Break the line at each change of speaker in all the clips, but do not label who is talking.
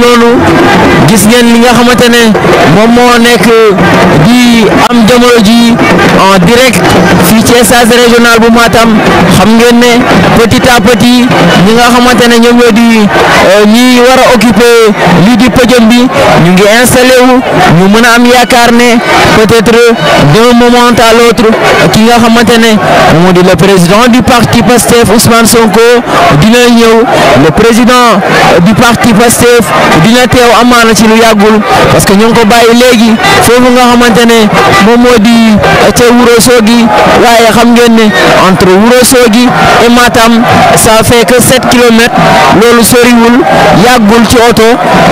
loolu gis ngeen li nga xamante ne moom moo nekk di am jamono ji en direct fii ci stade régional bu Matam xam ngeen ne petit à petit ñi nga xamante ne ñoom ñoo euh, ñi war a occuper lii di podium bi ñu ngi installé wu ñu mën a am yaakaar ne peut-être d'un moment à ki nga xamante ne moo di le président du parti PASTEF Ousmane Sonko dina ñëw le président euh, du parti PASTEF dina teew amaana ci lu yàggul parce que ñoo ngi ko bàyyi léegi foofu nga xamante ne moom moo di eh, ca Wuro Sogi waaye xam ngeen ne entre Wuro Sogi et Matam ça fait que 7 kilomètres loolu soriwul yàggul ci oto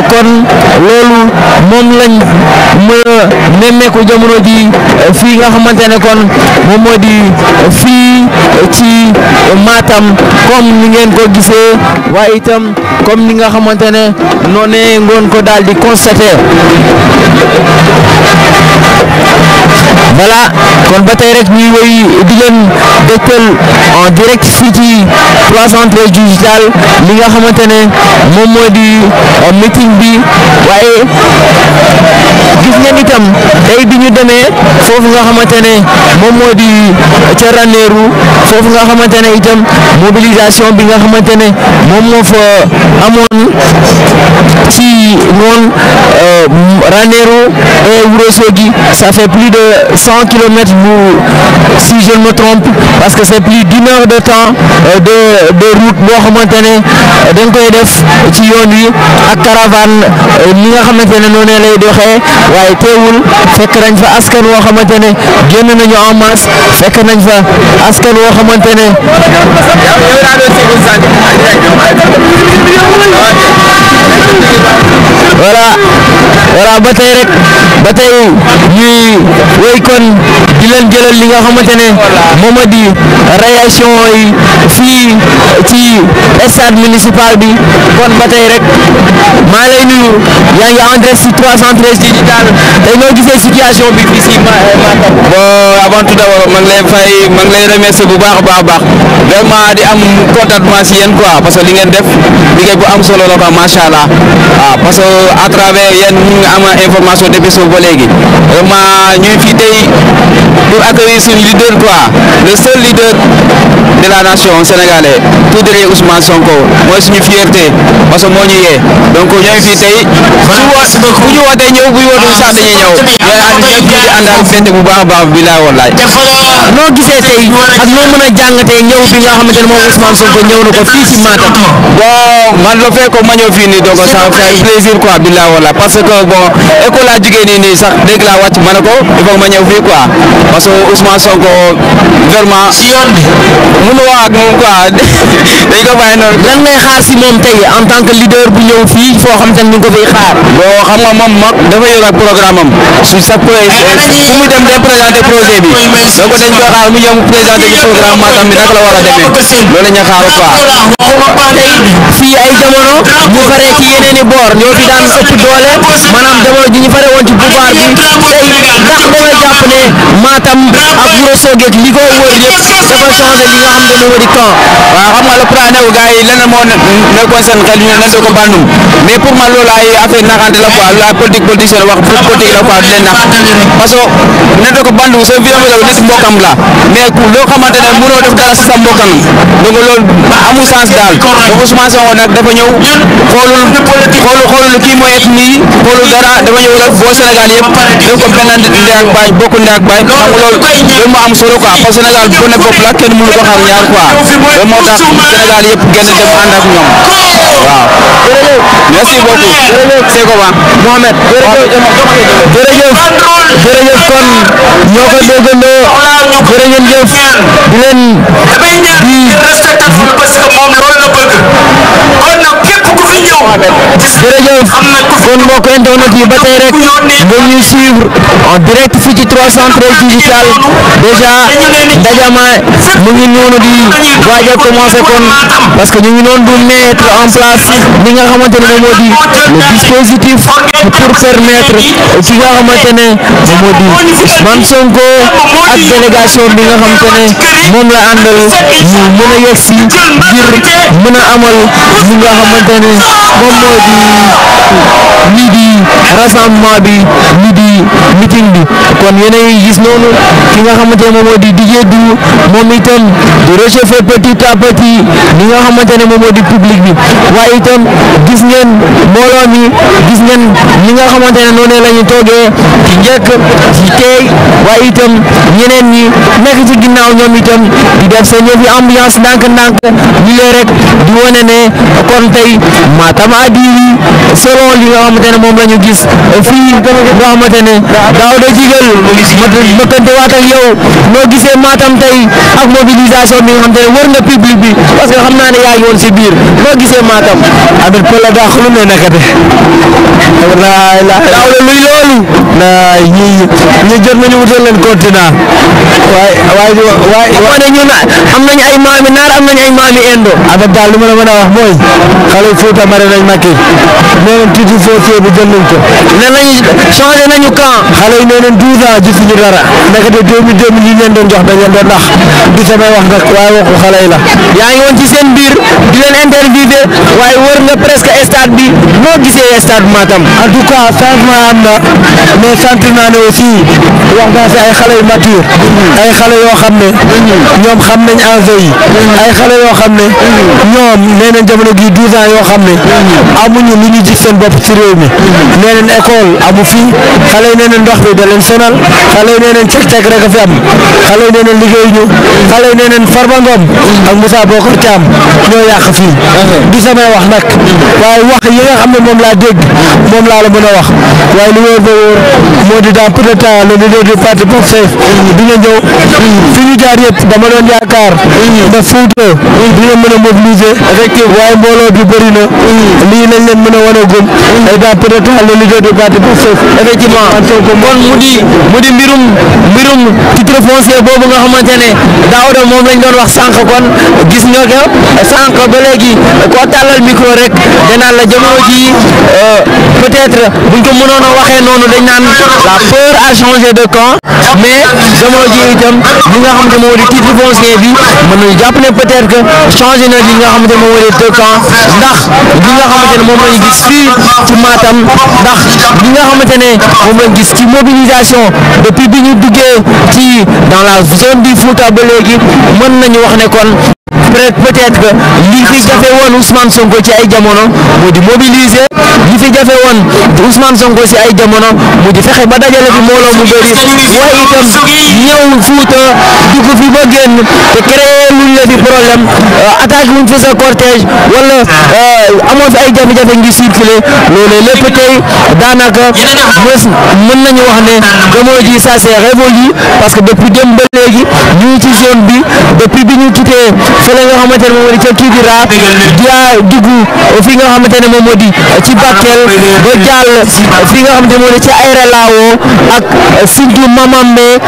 kon loolu moom lañ. mën a euh, nemmeeku jamono ji euh, fii nga xamante ne kon moom moo di euh, fii ci Matam comme ni ngeen ko gisee waaye itam comme ni nga xamante ne noonee ngoon ko daal di constater. voilà kon ba tey rek ñuy wéy di leen dégtal en direct fii ci 313 digital li nga xamante ne moom moo di meeting bi waaye gis ngeen itam tey bi ñu demee foofu nga xamante ne moom moo di ca Ranérou foofu nga xamante ne itam mobilisation bi nga xamante ne moom moo fa amoon ci noon euh, Ranérou et Ourossogui ça fait plus de cent kilomètres bu si je ne me trompe parce que c'est plus d'une heure de temps euh, de de route boo xamante ne dañ koy def ci yoon wi ak caravane li euh, nga xamante ne noonu lay doxee. waaye teewul fekk nañ fa askan woo xamante ne génn nañu en masse fekk nañ fa askan woo xamante ne. voilà voilà rek ba tey ñuy di leen jëlal li nga xamante ne moom di réaction yi fii ci stade municipal bi kon ba rek maa
lay nuyu yaa ngi en direct ci 313 digital tey noo gisee situation bi fii si Matam. avant tout d'abord ma ngi lay fay ma ngi lay remercier bu baax a baax a baax vraiment di am contentement si yéen quoi parce que li ngeen def liggéey bu am solo la quoi macha allah waaw ah, parce que à travers yéen ñu ngi am information depuis suuf ba léegi vraiment ñu ngi fii tey pour accueillir suñu leader quoi le seul leader de la nation sénégalaise tout derrière Ousmane Sonko mooy suñu fierté parce que ñu yee donc ñoo ngi fii tey su woo bu ñu wootee ñëw bu ñu wootee sax ñëw yéen ñu ngi ànd ak bu baax a baax bi laa laaj. gisee tey ak noo mën a jàngatee ñëw bi nga xamante ne moom Ousmane Sonko ñëw na ko fii ci Matam. bon man le fait que ma ñëw fii nii donc ça fait plaisir quoi billahi wala parce que bon école laa jugee nii sax dégg laa wàcc ma a ko il faut ma ñëw fii ko foo xam nga moom mag dafa yor ak programme su sa projet fu mu dem day présenter projet bi donc dañ ko xaar ñoom présenté ci programme Matam bi naka la war a demee loolu la ñu
xaar quoi fii ay jamono ñu faree ci i boor ñoo fi daan doole maanaam jamono ji faree woon ci pouvoir bi tey ndax da nga jàpp ne
Matam ak Ouro Sogui li ko wër yëpp dafa changé li nga xam ne moo di camp xam nga le plan wu gars yi leneen moo nekkoon seen xel ñu ne ko bandum mais pour man loolu ay affaire naxante la quoi la politique politicien wax politique la quoi du leen nax parce que nan ko bandum soo fi nekk mbokam la mais ku loo xamante ne mënoo def dara si sa mbokkam loolu amul sens daal donc Ousmane Sonko nag dafa ñëw xoolul xoolul xoolul xoolul dara dafa ñëw rek boo Sénégal yëpp def ko benn ndey ak baay bokk ndey ak baay xam nga loolu loolu moo am solo quoi parce que Sénégal bu ne bopp la kenn mënu ko xar ñaar quoi loolu moo tax Sénégal yëpp génn dem ànd a waaw merci beaucoup jërëjëf Sekoba Mohamed jërëjëf jërëjëf kon
ñoo ko déggandoo jërëjëf di leen eh di kon mbokk internet yi ba tey rek nga suivre en direct fii ci 313 digital déjà Ndadiama mu ngi noonu di waaj a kon parce que ñu ngi noonu di mettre en place li nga xamante ne moo di le nga xamante ne moo di Ousmane Sonko ak délégation bi nga xamante ne moom la àndal ñu mën a yegg si ngir a amal li nga xamante ne. moom moo di lii di rassemblement bi lii di meeting bi kon yéen yi gis noonu ki nga xamante ne moom moo di DJ du moom itam di réchauffer petit à petit li nga xamante ne moom moo di public bi waaye itam gis ngeen mbooloo mi gis ngeen li nga xamante ne noonu la ñu toogee ci njëkk ci tey waaye itam ñeneen yi nekk ci ginnaaw ñoom itam di def seen yëf yi ambiance ndànk-ndànk ñu lee rek di wane kon tey Matam adiir yi selon li nga xamante ne moom la ñu gis fii nga xamante ne daaw da jigal mëkkante waat ak yow noo gisee Matam tey ak mobilisation bi nga xamante ne wër nga public bi parce que xam naa ne yaa ngi woon si biir noo gisee Matam. abet pël la daa xulu ne nakate laa daaw la luy loolu na ñi ñi jot nañu wutal leen continent waaye waaye waaye ma ne ñun am nañu ay maami naar am nañu ay na indo abet daal lu ma la mën a wax mooy xale nañ Macky nee nañ titre foncier bi jël nañ ko nee nañu changé nañu camp xale yi nee nañ 12 ans gisuñu dara nekk de 2000 2000 yi ngeen doon jox dañ leen doon nax wax nag waxu xale yi la yaa ngi woon ci seen biir di leen interviewé waaye wër nga presque stade bi noo gisee stade Matam en tout cas changement am na mais sant naa ne aussi wax naa si ay xale yu mature ay xale yoo xam ne ñoom xam nañ enjeu yi ay xale yoo xam ne ñoom nee nañ jamono gii 12 yoo xam ne amuñu mu ñu gis seen bopp ci réew mi nee nañ école amu fi xale yi nee nañ ndox bi da leen sonal xale yi nee nañ ceg rek a fi am xale yi nee nañ liggéeyuñu xale yi nee nañ Farba Ngom ak Moussa Bocar Thiam ñoo yàq fii du samay wax nag waaye wax yi nga xam ne moom laa a moo di dans peu de temps le leader du parti Pastef dina ñëw fi ñu jaar yëpp dama doon yaakaar na Fouta dina mën a mobiliser waaye mbooloo bi bëri na lii lañ leen mën a wane gëm état peut être le leader du parti Pastef effectivement kon mu di mu di mbirum titre foncier boobu nga xamante ne Daouda moom lañ doon wax sànq kon gis nga ko sànq ba léegi koo tàllal micro rek danaan la jamono ji euh, peut être buñ ko mënoon a waxee noonu dañ naan la peur a changé de camp mais jamono ji itam li nga xamante moo di titre foncier bi mën nañu jàpp ne peut être que changé na li nga xam moo di deux camps ndax nga xamante ne moom lañu gis fii ci Matam ndax li nga xamante ne moom lañu gis ci mobilisation depuis bi ñu duggee ci dans la zone di Fouta ba léegi mën nañu wax ne kon après peut-être que li fi jafe woon Ousmane Sonko ci ay jamono mu di mobiliser li fi jafe woon Ousmane Sonko ci ay jamono mu di fexe ba dajale fi mbooloo mu bëri waaye itam ñëw Fuuta dugg fi ba génn te créé luñ la fi problème euh, attaque luñ fi sa cortège wala euh, amoo fi ay jafe-jafe ngi circuler loolu lépp tey daanaka mën nañu wax ne jamono ji ça s'est révolu parce que depuis démb ba léegi ñu ngi ci zone bi depuis bi ñu quitté fële fii nga xamante ne moom moo di ca Kibira nga xamante ne moom moo di ci Bakel ba jàll fii nga xamante ne moom moo di ca Aéré Lao ak Sinthiou Mamambé